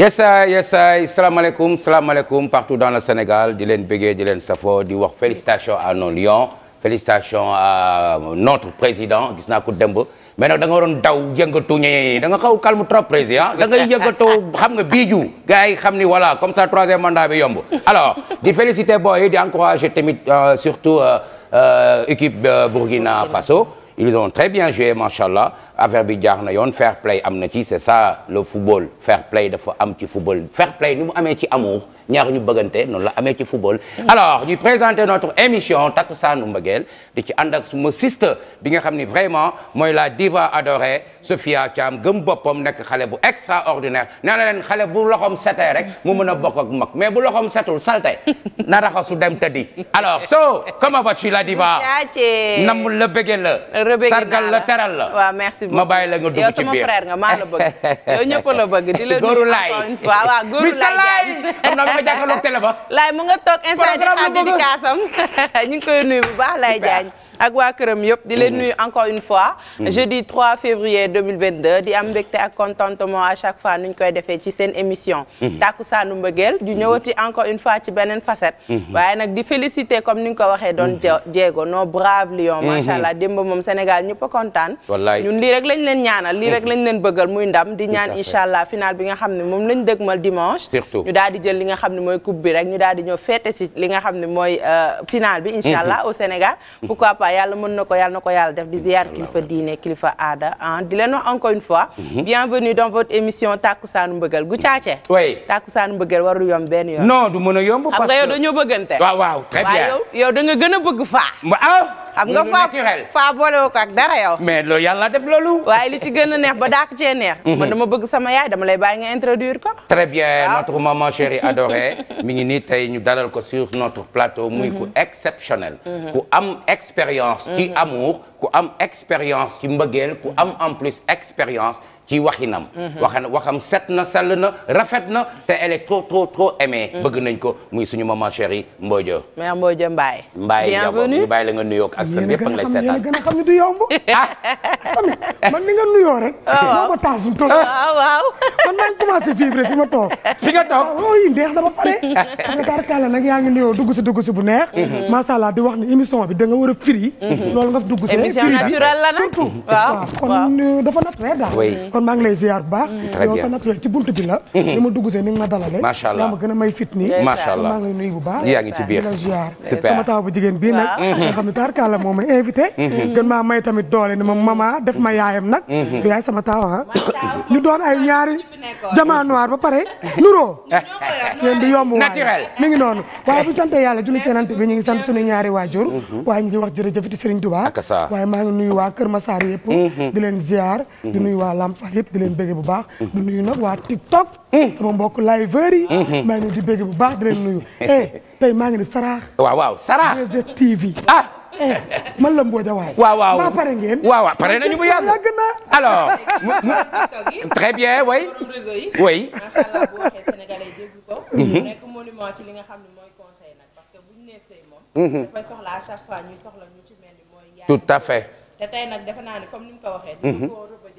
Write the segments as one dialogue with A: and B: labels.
A: yesaay yesaay salaamaaleykum salaamaaleykum partout dans le Sénégal di leen bëggee di leen safoo di wax félicitations à nos lions félicitations à notre président gis naa ko démb mais nag da nga waroon daw yëngatu ñe da nga xaw calme trop président da ngay yëngatoo xam nga biiju gars yi xam ni voilà comme ça troisième mandat bi yomb alors di féliciter boy di encourager tamit euh, surtout euh, euh, équipe Burkina Faso ils ont très bien joué machallah affaire bi jaax na yoon fair play am na ci c'est ça le football fair play dafa am ci football fair play ni mu amee ci amour ñaar ñu bëggante noonu la amee ci football. Mm. alors ñu présenter notre émission takkusaanu mbëggeel di ci ànd ak suma sister bi nga xam ni vraiment mooy la diva adorée Sophia Thiam gëm boppam nekk xale bu extraordinaire nee na leen xale bu loxoom setee rek mu mën a bokk ak mag mais bu loxoom setul salte na raxasu dem tëddi alors so comment vas-tu la diva. namm la bëggee la. rëbëgg sargal la teral la. waaw ma bàyyi la nga dugg ci biir yow sama frère nga maa la bëgg.
B: yow ñëpp la bëgg di la nuyu. góoru laay waaw waaw góoru laay xam naa mu nga toog instant di xaar dédicace am ñu ngi koy nuyu ak waa këram yëpp di leen mhm. nuyu encore une fois mhm. jeudi 3 février 2022 di am mbégte ak contentement à chaque fois nuñ koy defee ci seen émission mhm. Takkusaanu Mbëggeel ñu ñëwati encore une fois ci beneen facette waaye nag di féliciter comme ni nga ko waxee doon jeego nos braves lions macha allah démb moom Sénégal ñëpp a kontaan ñun lii rek lañ leen ñaanal lii rek lañ leen bëggal muy ndam di ñaan incha allah final bi nga xam ne moom lañ dëgmal dimanche surtout ñu daal di jël li nga xam ne mooy coupe bi rek daal di ñëw féete si li nga xam ne mooy euh, final bi incha allah au Sénégal fois yàlla mën na ko yàlla na ko yàlla def di ziar kilifa diine kilifa aada ah di leen wax encore une fois mm-hmm. bienvenue dans votre émission Takkusaanu Mbëggeel gu caace oui Takkusaanu Mbëggeel warul yomb benn du
A: mën a yomb parce que xam nga yow dañoo bëggante waaw waaw très
B: bien a xam nga faa faa boolewoo ko ak dara yow.
A: mais loolu yàlla def
B: loolu. waaye li ci gën a neex ba daak cee neex. Mhm. man dama bëgg sama yaay dama lay baa nga introduire ko.
A: très bien ah. notre maman chérie adorée mi ngi nii tey ñu dalal ko sur notre plateau. muy ku mhm. exceptionnel. Mhm. ku am expérience. ci amour ku am expérience ci mbëggeel ku am en plus expérience. ci waxinam. Mhm. waxan waxam set na sell na rafet na te elle est trop trop trop mhm. bëgg nañ ko muy suñu maman chérie mboojo
B: mère Mbodjo Mbaye. Mbaye ñu
A: bàyyi la nga nuyoo ak sa yëpp a ngi lay seetaan
C: gën a xam ne du yomb. Ah! man ni nga ah, ah, ma toog. fi nga toog waaw yi neex na ba yaa ngi nuyoo dugg si dugg si bu neex. Mhm. macha allah di wax ni émission bi da nga war a firi. kon maa ngi lay ziar bu baax. yow sa naturel ci buntu bi la. Mm-hmm. ni ma dugg see ni nga ma dalale. macha allah yaa gën a may fit maa ngi lay bu baax. sama taw bu jigéen bii nag. Mm-hmm. nga xam ne tarkaala moo ma invité. Mm-hmm. gën maa may tamit doole ni ma mama def ma yaayam nag. yaay sama taw ah. ñu doon ay ñaari jamaa noir ba pare nuroo. kenn di waaye mi ngi waaye bu sant yàlla julli ceenante bi ñu ngi sant suñu ñaari waajur. waaye ñu ngi wax jërëjëf ci Serigne
A: Touba. waaye
C: maa Fall yëpp di bu baax du nuyu nag waa TikTok sama mbokk liveur yi maa ngi leen di bëgg bu baax di leen nuyu eh tey maa ngi ni Sarah waaw waaw ah. eh, la Mbodja waay. waaw waaw maa pare ngeen. waaw pare na. alors bu
B: waxee sénégalais mhm. li xam ne mooy conseil mhm. mu ko waxee. Mhm.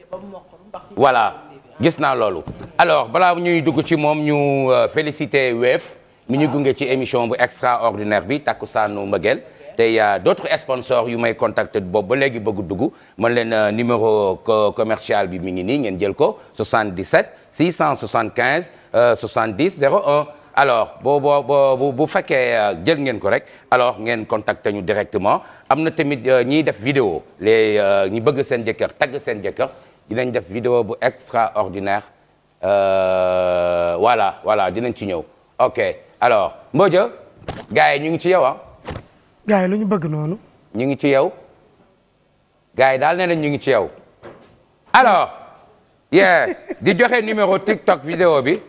B: dañu koo
A: voilà gis naa loolu alors balaa ñuy dugg ci moom ñu euh, féliciter weef mu ñu gunge ci émission bu extraordinaire bi takkusaanu mbëggeel te y a d'autres sponsors yu may contacter boobu ba léegi bëgg dugg mën leen euh, numéro commercial bi mu ngi nii ngeen jël ko 77 675 70 01 alors boo bu fekkee euh, jël ngeen ko rek alors ngeen contacter ñu directement am na tamit ñiy def vidéo les ñi bëgg seen jëkkër tagg seen jëkkër dinañ def vidéo bu extraordinaire euh, voilà voilà dinañ ci ñëw ok alo Mbodja gars yi ñu ngi ci yow ah. lu ñu bëgg noonu. ñu ngi ci yow gars yi daal nee nañ ñu ngi ci yow alors yeah di joxe numéro TikTok vidéo bi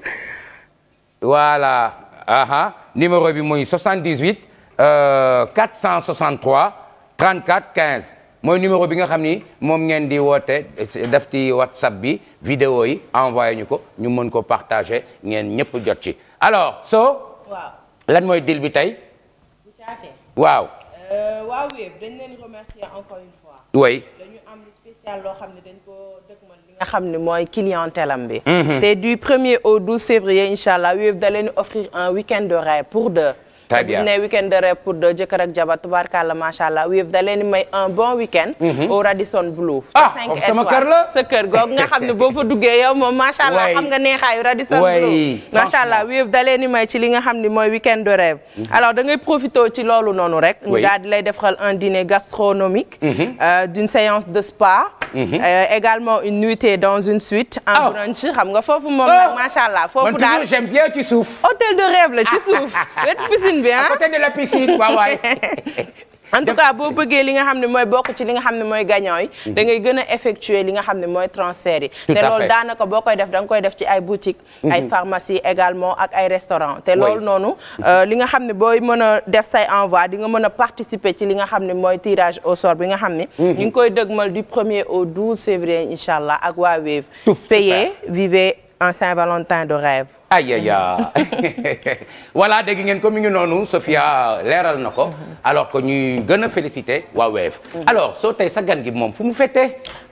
A: voilà aha numéro bi muy 78 euh, 463 34 15. mooy numéro bi nga xam ni moom ngeen di woote eh, def ci whatsapp bi vidéo yi envoyé ñu ko ñu mën ko partagé ngeen ñëpp jot ci alors so lan mooy deal bi tey waaw
B: euh, waaw wéeb dañ leen remercier encore une fois oui dañu am lu spécial loo xam ne dañ ko dëgmal bi mhm. te du premier au février incha allah wéeb da offrir un week de rêve pour deux très bien ne week-end de rêve pour deux jëkkër ak jabar tubaarkàlla macha allah wii da leen may un bon week-end mhm. au Radisson Blue. ah foofu sama kër sa kër googu nga xam ne boo fa duggee yow moom macha allah xam nga neexaayu Radisson Blue. macha allah wii da leen may ci li nga xam ni mooy week-end de rêve. Mhm. alors da ngay profité ci loolu noonu rek. ñu di lay defal un dîner gastronomique. Mhm. Euh, d'une séance de spa. Mm-hmm. Euh, également une nuitée dans une suite. en oh. brunch xam nga foofu moom nag oh. macha allah. foofu daal man j'aime bien ci suuf. hôtel de rêve la ci suuf. wetu piscine bi ah. à côté de la piscine waaw waay. en boo bëggee li nga xam ne mooy bokk ci li nga xam ne mooy gagnant yi mhm. da ngay gën a effectuer li nga xam ne mooy transfert yi te loolu daanaka boo koy def danga koy def ci ay boutique mhm. ay pharmacie également ak ay restaurant te loolu noonu euh, li nga xam ne booy mën a def say envoi di nga mën a participer ci li nga xam ne mooy tirage au sort bi nga xam ne mhm. ñu ngi koy dëgmal di premier au 12 février incha allah ak waa Wave payez vivez en Saint-Valentin de rêve. aïe aïe
A: voilà ngeen ko mi ngi noonu sofia leeral na ko alors que ñuy gën a féliciter waa Wave. Mm-hmm. alors soo tey sa gan gi moom fu mu fete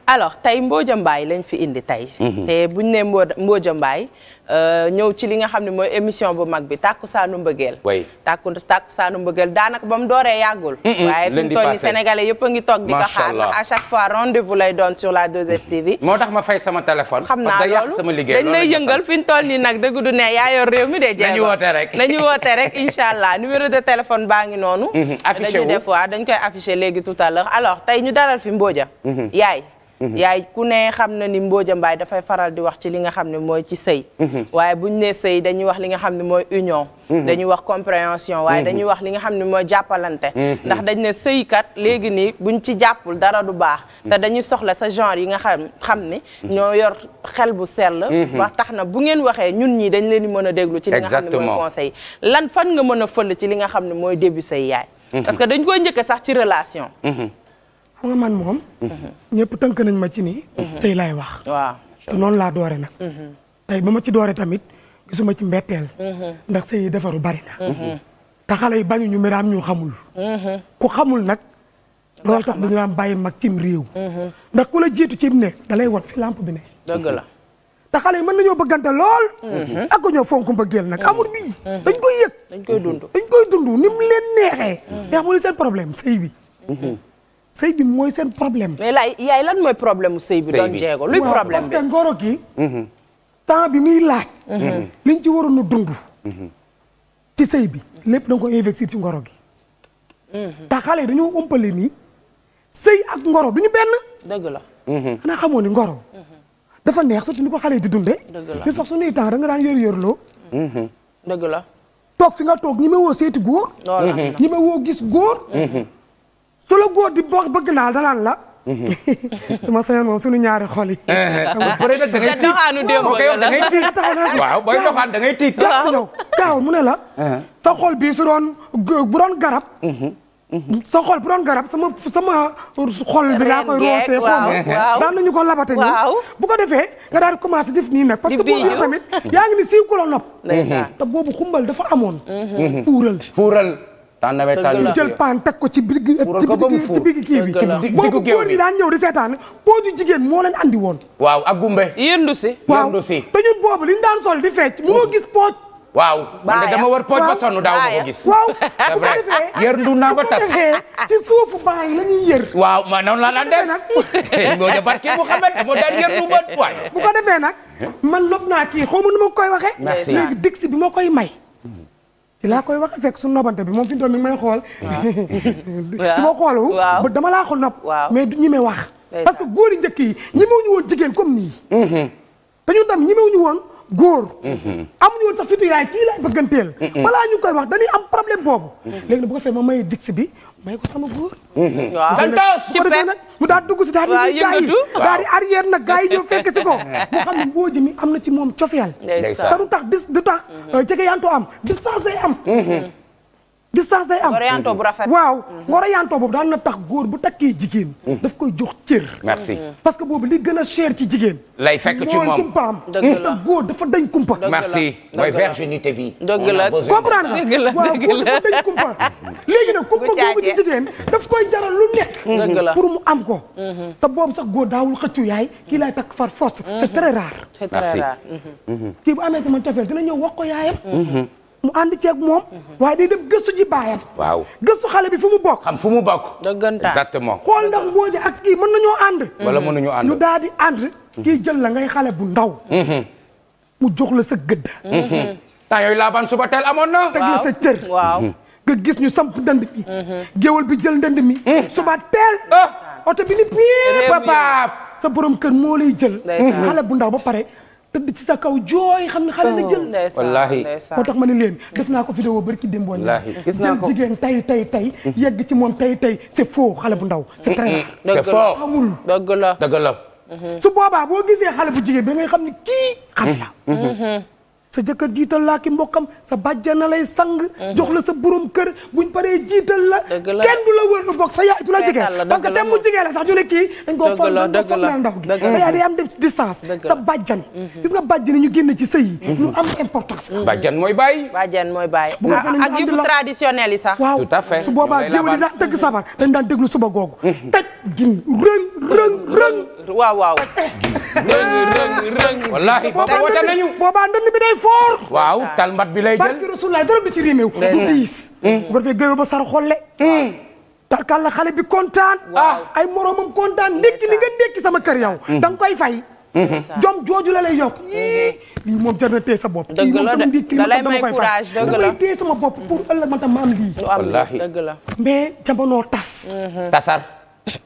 B: alors tey Mbooja Mbaay lañ fi indi tey. Mhm. te buñ nee Mbo Mbooja Mbaay euh, ñëw ci li nga xam ne mooy émission bu mag bi tàkkusaanu mbëggeel. waay tàkku tàkkusaanu mbëggeel daanaka ba mu dooree yàggul. waaye fi mu toll nii sénégalais yëpp a ngi toog di ko xaar. ndax à chaque fois rendez-vous lay doon sur la 2STV. moo tax ma fay sama
A: téléphone. xam naa loolu dañ lay yëngal fi mu toll
B: nii nag dëgg du ne yaa yor réew mi de jeexal. nañu woote nañu woote rek incha allah numéro de téléphone baa ngi noonu. Mhm, affiché wu dañu dañ koy affiché léegi tout à l'heure tey ñu dalal fi Mbooja mhm. yaay Mm-hmm. yaay ku ne xam na ni mbooja mbaay dafay faral di wax ci li nga xam ne mooy ci sëy mm-hmm. waaye buñ nee sëy dañuy wax li nga xam ne mooy union mm-hmm. dañuy wax compréhension waaye dañuy wax li nga xam ne mooy jàppalante ndax dañ ne sëykat léegi nii buñ ci jàppul dara du baax te dañuy soxla sa genre yi nga xam xam ni ñoo yor xel bu sell wax tax na bu ngeen waxee ñun ñii dañ leen di mën a déglu ci li nga xam ne mooy conseil lan fan nga mën a fël ci li nga xam ne mooy début sëy yaay parce que dañ koy njëkke sax ci relation
C: xam nga man moom. ñëpp tënk nañ ma ci nii sëy laay wax. waaw te noonu laa doore nag. tey ba ma ci doore tamit gisuma ci mbetteel. ndax sëy yi defaru bari na. te xale yi bañu ñu miraam ñu xamul. ku xamul nag. loolu tax dañu naan bàyyi mag cim réew. ndax ku la jiitu cim nekk da won fi lampe bi ne. la te xale yi mën nañoo bëggante lool. ak ko ñoo fonk mbëggeel nag amul bii. dañ koy yëg dañ koy dund dañ dund ni mu leen neexee. te amul seen problème sëy bi. sëy bi mooy seen problème. mais la yaay la mooy problème mu sëy bi. doon jéego luy problème bi parce que ngoro gi. Mm-hmm. temps bi muy laaj. Mm-hmm. liñ ci waroon a dund. Mm-hmm. ci sëy bi lépp da nga ko investir ci ngoro gi. te xale yi dañoo umpale ni sëy ak ngoro du ñu benn. dëgg la. xanaa xamoo ni ngoro. dafa neex surtout ni ko xale yi di dundee. dëgg la ñu sax suñuy temps da nga daan yor la. toog si nga toog ñi ma woo seeti góor. ñi ma woo gis góor. su la góor di boo bëgg naa dalaan la. Mm-hmm. su ma sañoon moom suñu ñaari xol yi. peut-être eh, eh, eh, da ngay tiit da ngay tiit waaw booy doxaan da ngay tiit. yow gaaw mu ne la. sa xol bii su doon bu doon garab. Mm-hmm. Mm-hmm. sa xol bu garab sama sama xol bi laa koy roosee xaw ma daan nañu ko labate ñu bu ko defee nga daal di commencé
A: def nii nag parce que boobu tamit yaa
C: ngi ni siiw ku la nopp boobu xumbal dafa amoon fuural
A: fuural temps nawetaan yu jël paan
C: teg ko ci biir ci biir kii bi ci boobu góor ñi daan ñëw di seetaan boo jigéen moo leen andi woon
A: waaw ak gumbe yëndu si
C: waaw te ñun boobu li daan sol di fecc mu noo gis pooj waaw dama war pooj ba sonn gis waaw
A: c'est naa ba tas waaw ma la daan def ngoo de barke Muhammad bu ko
C: defee nag man lob naa kii xaw ma nu ma koy waxee léegi digsi bi moo koy may ci laa koy wax fekk su nobante bi moom fi mu toll may xool. waaw xoolu. dama laa ko nopp. mais du ñi may wax. parce que góor yi njëkk yi ñemewuñu woon jigéen comme nii. Mm-hmm. te ñun tam ñemewuñu woon. góor. Mhm. amuñu woon sax fitu yaay kii laay bëgganteel. Mhm. balaa ñu koy wax dañuy am problème boobu. léegi bu ko fee ma may dix bi may ko sama góor. Mhm. waaw santos ci nag mu daal dugg si daal di gaa yi daal di arrière nag gaa yi ñëw fekk si ko. mu xam ne boo am na ci moom cofeel. te du tax dis du tax jege yanto am distance day am. distance day am ngoroyanto bu rafet waaw ngoroyanto mhm. boobu daan na tax góor bu takkee jigéen mhm. daf koy jox cër merci mhm. parce que boobu li gën a cher ci jigéen lay fekk ci moom mooy kumpa am góor dafa dañ kumpa merci mooy virginité bi dëgg la comprendre nga waaw góor dafa dañ kumpa léegi nag kumpa boobu ci jigéen daf koy jaral lu nekk pour mu am ko te boobu sax góor daawul xëccu yaay kii laay takk far force c'est très rare c'est très rare kii bu amee ci man cofeel dina ñëw wax ko yaayam mu ànd ceeg moom. waaye day dem gëstu ji baayam. waaw gëstu xale bi fu mu bokk. xam fu mu bokk. exactement. xool ndax Mbodji ak kii mën nañoo ànd. wala mënuñoo ànd ñu daal di ànd. kii jël la ngay xale bu ndaw. Mm-hmm. mu jox la sa gëdd. Mm-hmm.
A: temps yooyu laabaan suba teel amoon na. teg la sa
C: cër. waaw nga gis ñu samp ndënd mi. Mm-hmm. géwal bi jël ndënd mi. suba teel. Ah. oto bi ni pii papa sa borom kër moo lay jël. xale bu ndaw ba pare. tëdd ci sa kaw jooy xam ne xale la jël. Oh, wallaahi moo tax ma ne leen def naa ko vidéo bari ki démboo
A: wallaahi gis naa ko jël
C: jigéen tay tay tay yegg ci moom tay tay c'est faux xale bu ndaw c'est très rare. c'est faux amul
A: dëgg la dëgg la
C: su boobaa boo bu jigéen bi ngay xam ne kii xale la mm-hmm. Mm-hmm. sa jëkkër jiital laa ki mbokkam sa bàjjana lay sang. Mhm. jox la sa borom kër buñ paree jiital la. kenn du la wër lu bokk sa yaay du la jege. parce que thème mu jege la sax ñu ne kii. dañ koo foog dañ koo foog ndaw gi sa yaay sa bàjjan. Mhm. gis nga bàjjan ñu génn ci sëy mhm. mooy
B: bàyyi. bàjjan mooy bàyyi. bu nga ah, xam ak yu traditionnel yi sax. tout à fait su boobaa daan
C: tëgg sabar dañ daan déglu suba googu. taj gin rëng rëng rëng. waaw waaw. rëng rëng rëng.
A: wallaahi booba woote nañu. booba ndënd bi day fort. bi lay jël. barke
C: Rasulullah dara du ci riimew. du diis. Hmm. bu ko defee géeyo ba sar xolle. Hmm. tarkal la xale bi kontaan. ay moromam kontaan ndekki li nga ndekki sama kër yow. Hmm. da koy fay. jom jooju la lay yokk yii. lii moom jar na tee sa bopp. dëgg da lay may courage dëgg la bopp pour ëllëg ma tam ma am lii. wallaahi dëgg la mais jamono tas. tasar.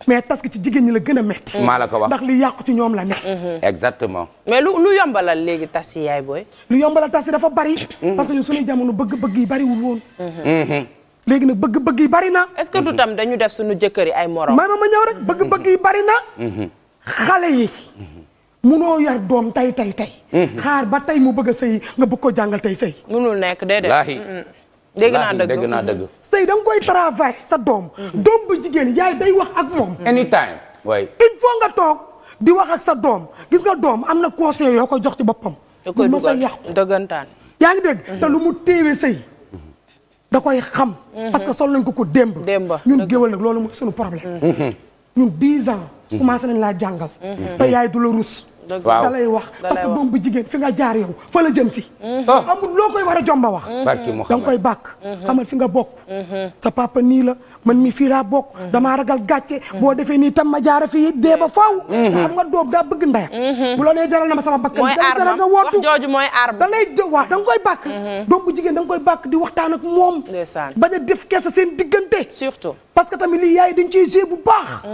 C: mais tas ci jigéen ñi la gën a metti maa la ko wax ndax li yàqu ci ñoom la ne. Mm-hmm.
A: exactement.
C: mais lu lu yombalal léegi tas yi yaay booy. lu yombalal tas yi dafa bari. Mm-hmm. parce que ñun suñuy jamono bëgg-bëgg yi bariwul woon. Mm-hmm.
B: léegi nag bëgg-bëgg yi bari na. est-ce que du tam dañu def suñu jëkkër yi ay morom. may ma
C: ma bëgg-bëgg yi bari na. xale yi. munoo yar doom tey tey tey xaar ba tey mu bëgg a sëy nga bëgg ko jàngal tay sëy. munul
A: nekk déedéet. dégg naa dëgg dégg naa dëgg.
C: sëy da nga koy travail sa doom. doom bu jigéen yaay day wax ak moom. anytime waay. il faut nga toog di wax ak sa doom gis nga doom am na conseil yoo ko jox ci boppam. da koy dugal dëggantaan yaa ngi dégg mm-hmm. te lu mu téewee sëy da koy xam. Mm-hmm. parce que sol nañ ko ko démb. démb ñun géwal nag loolu mooy suñu problème. Mm-hmm. ñun 10 ans. commencé nañ laa jàngal. te yaay du la rus. waaw lay wax parce que doom bu jigéen fi nga jaar yow fa la jëm si. Mm-hmm. Oh. amul loo koy war a jomba wax. Mm-hmm. Mm-hmm. da nga koy bàkk. xamal fi nga bokk. sa papa nii la man mi fii laa bokk. damaa ragal gàcce. boo defee nii tam ma jaara fii dee ba faaw. xam nga doom daa bëgg ndeyam. bu la nee jaral na ma sama bakkan. mooy arma wax jooju mooy arma da lay jo waaw da nga koy bàkk. doom bu jigéen da koy bàkk di waxtaan ak moom. bañ a def kees seen diggante. surtout parce que tamit lii yaay dañ ci joué bu baax.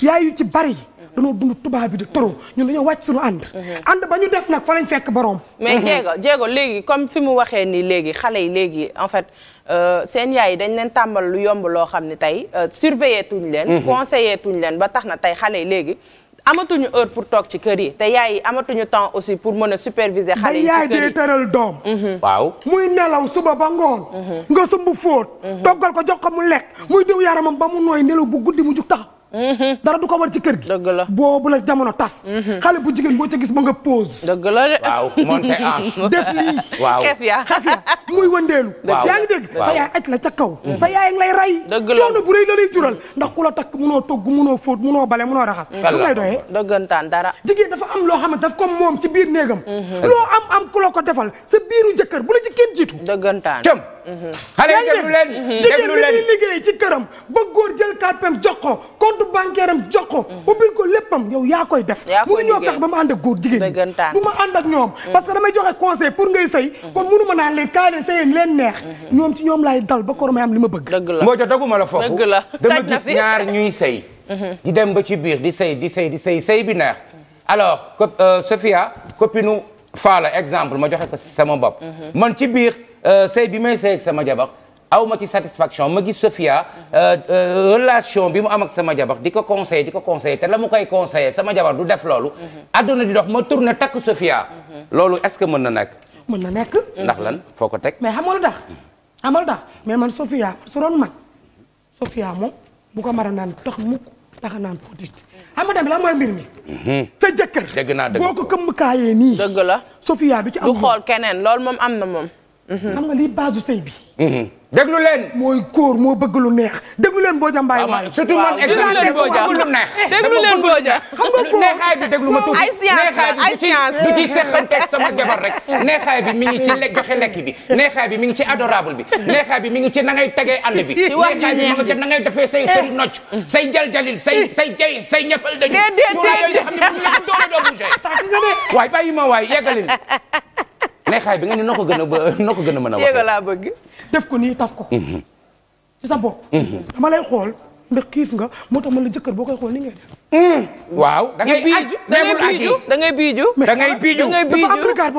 C: yaay yu ci bari. dañoo dund tubaab bi di toro ñun dañoo wàcc suñu ànd mhm. ànd ba ñu def nag fa lañ fekk boroom mais jéego
B: mhm. jéego léegi comme fi mu waxee ni léegi xale yi léegi en fait euh, seen yaay yi dañ leen tàmbal lu yomb loo xam ne tey euh, surveiller tuñ leen mhm. conseiller tuñ leen ba tax na tey xale yi léegi amatuñu heure pour toog ci kër yi te yaay yi amatuñu temps aussi pour mën a superviser xale yi ci yaay day tëral
C: doom waaw muy nelaw suba ba ngoon nga sumb fóot toggal ko jox ko mu lekk muy diw yaramam ba mu nooy nelaw bu Mm-hmm. dara du ko war ci kër gi. dëgg la boobu la jamono tas. Mm-hmm. xale bu jigéen boo ca gis ma nga pose. dëgg la de waaw monté en. def lii waaw xef ya xef muy wëndeelu. waaw yaa yaay aj la ca kaw. Mm-hmm. sa yaay ngi lay rey. dëgg la bu rëy la lay jural ndax ku la takk munoo togg munoo fóot munoo bale munoo raxas. lu lay doyee dëggantaan dara. jigéen dafa am loo xamante daf ko moom ci biir néegam. loo am am ku la ko defal sa biiru jëkkër bu la ci kenn jiitu. dëggantaan xale yi déglu leen déglu leen jigéen bi muy liggéey ci këram ba góor jël kalpem jox ko compte bancaire am jox ko mhm. ubbil ko léppam yow yaa koy def mënu ñoo fex ba ma ànd ak góor jigéen ñi du ma ànd ak ñoom mhm. parce que damay joxe conseil pour ngay sëy mhm. kon mënu ma naan leen kaay leen sëyeen leen neex ñoom ci ñoom laay dal ba koro may am li ma bëgg mboo jo
A: daguma la foofu dama gis ñaar ñuy sëy di dem ba ci biir di sëy di sëy di sëy sëy bi neex alors euh, Sophia copine faala exemple ma joxe ko sama bopp. man ci biir euh, sëy bi may sëy ak sama jabar aw ma ci satisfaction ma gis Sofia euh, euh, relation bi mu am ak sama jabar di ko conseillé di ko conseillé te la mu koy conseillé sama jabar du def loolu. àdduna di dox ma tourné takk Sofia. loolu est-ce que mën na nekk. mën na nekk. ndax lan foo ko teg. mais xam nga lu tax xam nga lu tax
C: mais man Sofia su doon man Sofia moom bu ko mara naan tax mukk tax naan petit. xam nga tamit lan mooy mi.
A: Mhm. sa jëkkër. dëgg naa dëgg boo ko
C: këmm kaayee nii. dëgg
B: la Sofia du ci am. du xool keneen lool moom am na moom. Mhm.
C: am nga lii base du sëy bi. Mhm. déglu mooy góor moo bëgg lu neex déglu leen Mbodia Mbaye. waaw surtout man exemple déglu lu neex.
A: déglu leen Mbodia xam nga góor neexaay bi déglu ma tuuti. ay science bi du ci seqante ak sama rek. neexaay bi mi ngi ci lekk joxe lekk bi neexaay bi mi ngi ci adorable bi neexaay bi mi ngi ci na ngay tegee ànd bi. ci wax neexaay bi mi ngi ci defee say say nocc say jaljalil say say jay say ñafal dañu. déedéet déedéet tuuraay yooyu nga xam ne bu ñu la ko waay neexaay bi nga ni noo ko gën a noo ko gën a mën a waxee. jéego laa bëgg.
C: def ko nii taf ko. Mhm. sa bopp. Mhm. dama lay xool ndax kiif nga moo tax ma la jëkkër boo koy xool ni ngay mhm.
B: da ngay aj neegul aji da ngay biiju da ngay biiju da ngay biiju dafa am
C: regard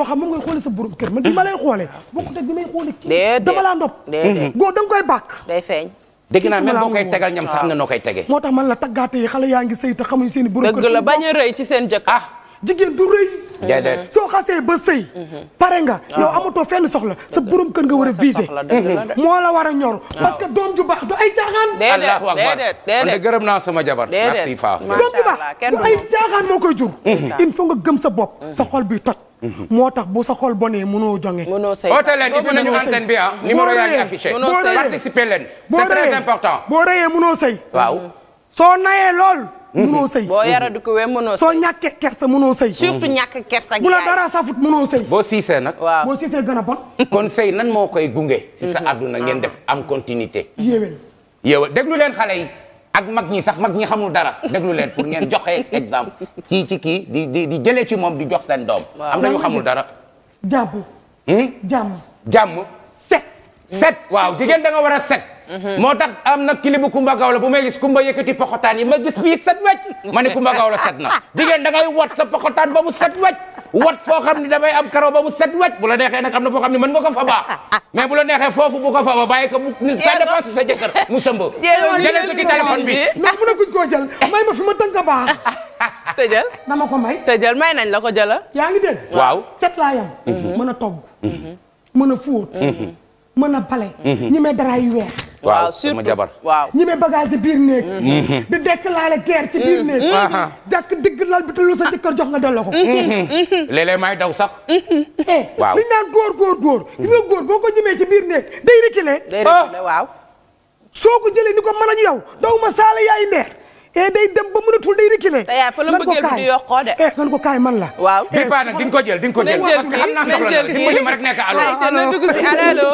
C: ma lay xoolee. bokkut ak bi may xoole
A: kii dama laa ndob. déedéet
C: góor da nga koy bàkk. day feeñ.
A: dégg naa même boo koy tegal ñam sax am na noo koy tege. moo
C: tax man la taggaate yi xale yaa ngi sëy te xamuñ seen i borom kër. dëgg la bañ
B: a rëy ci seen jëkkër. ah
C: jigéen du rëy déedéet soo xasee ba sëy mhm. pare nga ah. yow amatoo fenn soxla sa borom kër nga war a visé mhm. moo la war a ñor ah. parce que doom ju baax du ay caaxaan allahu akbar man de
A: gërëm naa sama jabar merci faa doom
C: ju baax du ay caaxaan moo koy jur mhm. il faut nga gëm sa bopp sa xol bi toj moo tax bu sa xol bonee mënoo jonge mënoo sëy oote leen ubbi nañu antenne bi ah numéro yaa ngi affiché
A: participer leen c'est très important
C: boo rëyee mënoo sëy waaw soo nayee lool
A: mënoo mmh. sëy boo yaradu ko wee mënoo sëy soo ñàkkee kersa mënoo sëy surtout
B: ñàkk kersa bu la dara
A: safut mënoo sëy boo siisee nag waaw boo siisee gën a bon kon sëy nan moo koy gunge si sa mmh. àdduna ngeen ah. def am continuité yéwén yéwén déglu leen xale yi ak mag ñi sax mag ñi xamul dara déglu leen pour ngeen joxe exemple kii ci kii di di di jëlee ci moom di jox seen doom am na ñu xamul dara jàmm jàmm jàmm set waaw jigéen da nga war a set. Mhm. moo tax am na kilibu Kumba Gawla bu may gis Kumba yëkkati poxotaan yi ma gis fii set wecc ma ne Kumba Gawla set na jigéen da ngay wat sa poxotaan ba mu set wecc wat foo xam ne damay am karaw ba mu set wecc bu la neexee nag am na foo xam ne man nga ko fa baa mais bu la neexee foofu bu ko fa ba bàyyi ko mu ça dépend sa jëkkër mu sëmb jëlal ko ci téléphone bi non bu ne kuñ ko jël may
C: ma fi ma tënk baa tëjal dama ko may tëjal nañ la ko jëla yaa ngi dégg waaw set laa yam mhm. a togg mhm. mën a fóot mën a bale. Mhm. ñemee dara yu weex.
A: waaw sama
C: waaw ñemee bagage ci biir néeg. Mhm. di déclarer guerre ci biir mhm. néeg. dakk digg lal bi lu sa jëkkër jox nga delloo
A: ko. daw sax.
C: Eh, waaw li naan góor góor góor. gis nga góor boo ko ñemee ci biir néeg day reculer. Ah. waaw. soo ko jëlee ni ko mën a yow daw ma saala yaay ndeer e day dem ba mënatul day reculer. te yaay fa la bëggee lu di yokkoo de. Eh, nan ko kaay man la. waaw bi paa
A: nag di nga ko jël di nga ko jël. parce que xam naa soxla na di nga ma rek nekk allo. allo dugg si allo.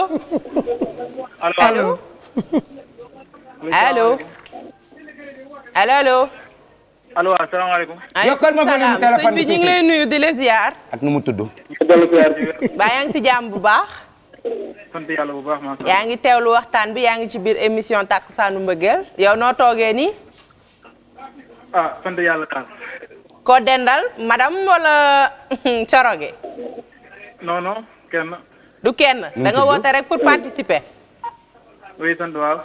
C: allo
B: allo. allo allo. allo waaw salaamaaleykum. yokkal ma volume téléphone bi tuuti sëñ bi ñu ngi lay nuyu di la ziar. ak nu mu tudd. ba yaa ngi si jàmm bu baax.
D: sant yàlla bu baax maa
B: yaa ngi teewlu waxtaan bi yaa ngi ci biir émission takkusaanu mbëggeel yow noo toogee nii. ah sant yàlla daal. dendal madame wala coro gi. kenn. du kenn da nga rek pour participer. oui sant waaw.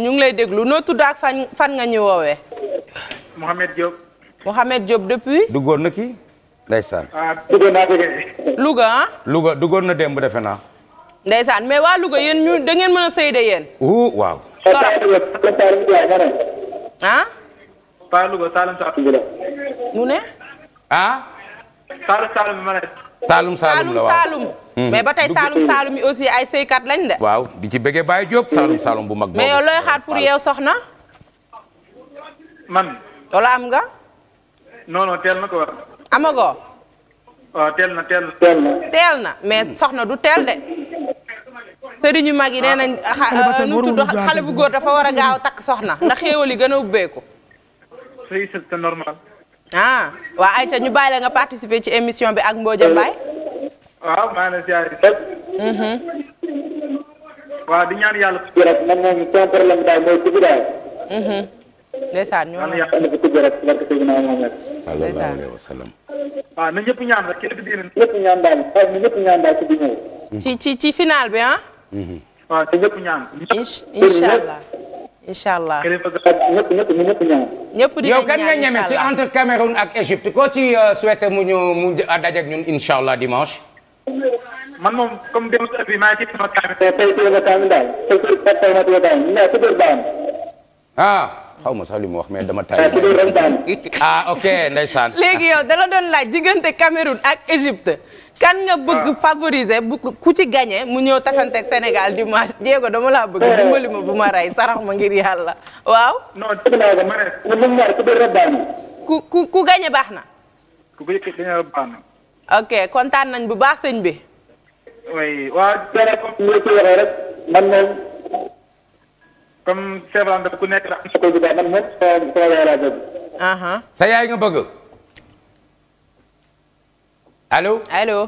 B: ñu ngi lay déglu noo tudd ak fan fan nga ñu woowee. Mouhamed
A: Diop. Mouhamed Diop depuis. duggoon na kii ndeysaan. ah duggoon naa Louga ah? Louga duggoon na démb defe naa.
B: ndeysaan mais waa Louga yéen ñu da ngeen mën a sëy de
A: wuu waaw.
D: torop
B: ah. waa
A: Louga Saalum Saalum mu ne. ah. Saalum Saalum ma ne. Saalum Saalum la waaw
B: hmm. mais ba tey Saalum Saalum yi aussi ay sëykat lañ de.
A: waaw bi ci bëggee Baye Diop Saalum Saalum bu mag. mais yow looy xaar pour yow soxna.
B: man. wala am nga. non teel na ko. amagoo. waaw teel na teel na. teel na mais soxna du teel de. ñu mag yi nee nañ. Euh, xale bu góor dafa war a gaaw takk soxna ndax xéewal yi gën ubbeeku. oui c'est normal. ah waa Aïcha ñu bàyyi la nga participer ci émission bi ak Mbodja Mbaye.
D: waaw ah, maa ngi lay mhm. waaw di ñaan yàlla.
B: jërëjëf man moom sama problème daal mooy tubi daal. Mhm. ndeysaan ñu. maanaam yàlla dafa tubi rek barke Seydina Mohamed. alhamdulilah alayhi wa na ñëpp ñaan rek képp di leen. ñëpp ñaan daal xaw ma ci ci ci final bi ah. Mhm. waaw te allah. incha allah ñëpp ñëpp ñëpp
A: ñëpp ñëpp entre Cameroun ak Égypte koo ci euh, souhaité mu ñu mu dajeeg ñun incha allah dimanche. man moom comme
D: démb bi maa
A: ah, xaw ma sax li mu wax mais dama taay. Ah, ah ok ndeysaan. léegi
B: yow dala doon laaj diggante Cameroun ak Égypte. kan nga bëgg ah. favoriser bu ku ci gagné mu ñëw tasanteeg Sénégal dimanche jéego dama laa bëgg eh. dimbali ma bu ma rey sarax ma ngir la waaw. non dëgg ku ku baax na. ok kontaan nañ bu baax sëñ bi.
D: oui waaw ku nekk ndax. man
A: moom sa yaay nga bëgg. allo allo.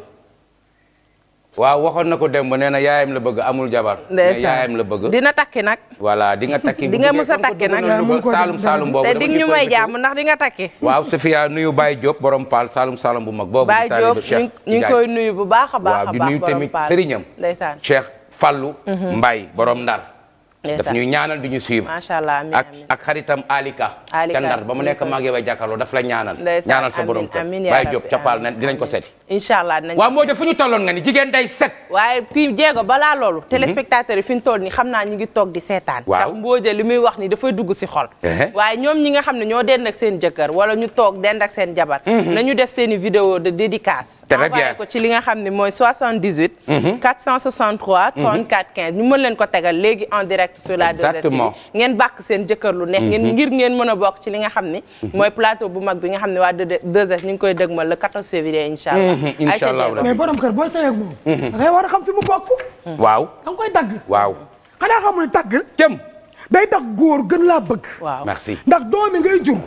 A: waaw waxoon na ko dem ba nee na yaayam la bëgg amul jabar. mais yaayam la bëgg. dina takki nag. voilà di nga takki. di nga mës a takki nag saalum saalum boobu. te di ñu may jàmm
B: ndax di nga takki. waaw
A: Sofia nuyu Baye Diop borom Paal saalum saalum bu mag. boobu Baye Diop ñu ngi koy
B: nuyu bu baax a baax a baax borom Paal waaw di nuyu tamit sëriñam. ndeysaan
A: Cheikh Fallou. Mhm. Mbaye borom Ndar. daf ñuy ñaanal di ñu suivre macha allah amiin ak ak xaritam Alika ñaanal ñaanal sa borom kër Baye Diop dinañ ko seeti
B: incha allah dinañ
A: waaw set
B: waaye kii jéego balaa loolu mhm. téléspectateurs yi fi ñu toll ni naa ñu ngi toog di seetaan ndax mbooje li muy ni dafay dugg si xol waaye ñoom ñi nga xam ne ñoo dend seen jëkkër wala ñu toog dend seen jabar mhm. nañu def seen i vidéo de dédicace envoyé ko ci li nga xam ne mooy 78 mhm. ñu mën leen ko tegal léegi direct sur la 2STV ngeen bàkk seen jëkkër lu neex ngeen mhm. ngir ngeen mën a bokk ci li nga xam ni mhm. mooy plateau bu mag bi nga xam ne waa 2S ñu ngi koy dëgmal le 14 février incha allah allah mais borom
C: mhm. da a xam fi day tax góor gën laa bëgg waaw merci ndax doomi ngay jur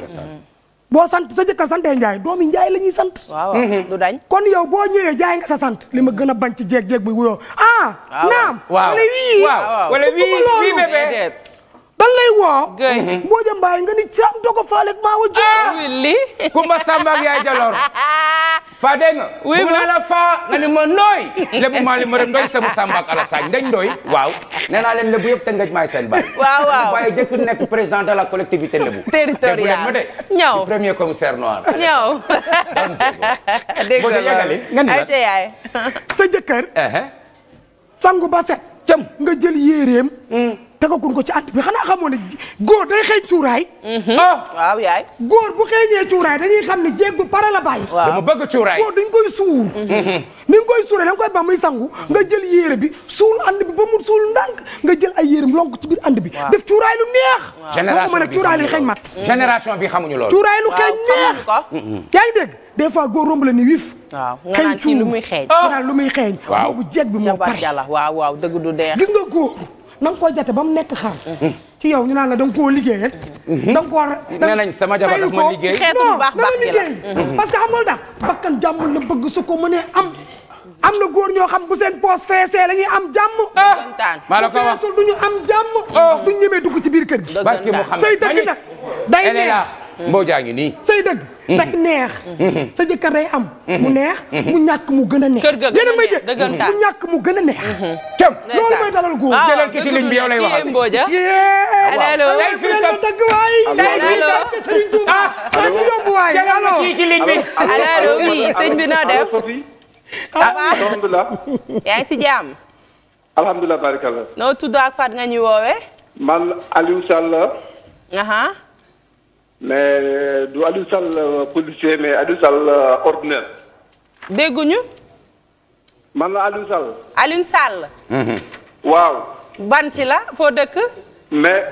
C: boo sant sa jëkkër santee Njaay doomi Njaay la ñuy sant. waaw mhm. du dañ. kon yow boo ñëwee jaay nga sa sant. li ma gën a bañ ci jéeg jéeg buy wuyoo ah. naam wala wii. waaw wala wii wii bébé dan lay woo. gëy mhm. Mbodja Mbaye nga ni caam dogo faale maa wa
A: jël. Ah, Kumba Samba ak yaay Jalor. faa dégg nga. oui ma la faa nga ni ma nooy. lébu maa li ma dem ndooy Sëbu Samba ak Alassane dañ ndooy waaw nee naa leen lébu yëpp te ngej maay seen baay. waaw waaw waaye jëkk nekk président de la collectivité lébu. territorial lébu leen de. premier commissaire noir. ñëw. dégg nga loolu ayca
B: yaay.
C: sa
A: jëkkër. Uh-huh.
C: sangu ba set. cëm nga jël yéeréem. Hmm. tagagun ko ci ànd bi xanaa xamoo ne góor day xeeñ cuuraay. Mm-hmm. Oh. waaw yaay. góor bu xeeñee cuuraay dañuy xam ne jéeg bu pare la bàyyi. waaw dama bëgg cuuraay. góor dañ koy suur. Mm-hmm. ni nga koy nga jël yére bi suul ànd bi ba mu suul ndànk nga jël ay yéeram lonk ci biir ànd bi. def cuuraay lu neex. génération bi cuuraay li xeeñ mat. Mm-hmm. génération
A: bi xamuñu loolu. cuuraay lu xeeñ neex.
C: yaa ngi dégg des fois romb la ni wif. waaw nga naan lu muy xeeñ xeeñ cuur lu muy xeeñ. boobu jeeg bi moo pare. waaw waaw dëgg du deex nga góor na nga koo ba mu nekk xar. ci yow ñu naan la da koo liggéey rek. Mhm. da nga koo nee nañ sama jabar daf ma liggéey xeetu bu baax baax ci la parce que xam nga daal bakkan jàmm la bëgg su ko mënee am. am na góor ñoo xam bu seen poos feesee la ñuy am jàmm. Ah! maa la ko wax du ñu am jàmm. Oh! duñ ñemee dugg ci biir kër gi. say dëgg nag day neex
A: mboojaa ngi nii
C: say dëgg mm-hmm. day
A: neex mm-hmm.
C: sa jëkkër day am mm-hmm. mu neex mu ñàkk mu gën a neex yéen a may a mooy dalal góor jëlal ki ci ligne bi yow lay waxal mbooja tey ci ligne bi allo oui sëñ bi def
B: ah, alhamdulilah yaa ngi si jàmm
D: alhamdulilah barikalla
B: noo tudd ak faat nga
D: mais euh, du Aliou Sall euh, policier mais Aliou Sall euh, ordinaire. dégguñu. man la Aliou Sall.
B: Aliou Sall.
A: Mm-hmm.
D: waaw.
B: ban ci la foo dëkk.
D: mais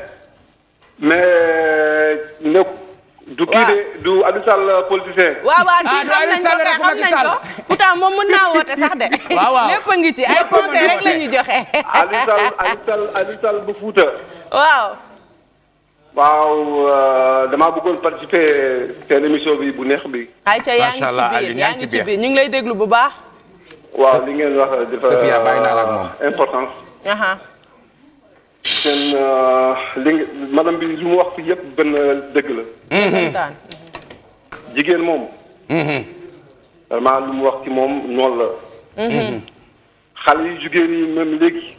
D: mais ne. du kii de du Aliou politicien. waaw
B: waaw si ah, xam nañ ko kay xam nañ ko pourtant moom mën naa woote sax de. waaw ngi ci ay conseil rek la joxe.
D: Aliou Sall bu Fuuta. waaw. waaw euh, damaa bëggoon participer seen émission bi bu neex bi.
B: macha allah Alioune yaa ci biir ñu ngi lay déglu bu baax.
D: waaw li ngeen wax dafa. Euh, importance. seen euh, li nga madame bi lu mu wax fi yëpp benn dëgg la. Mhm. Mhm. jigéen moom. Mhm. vraiment lu mu wax moom noonu la. xale yu jigéen yi même léegi.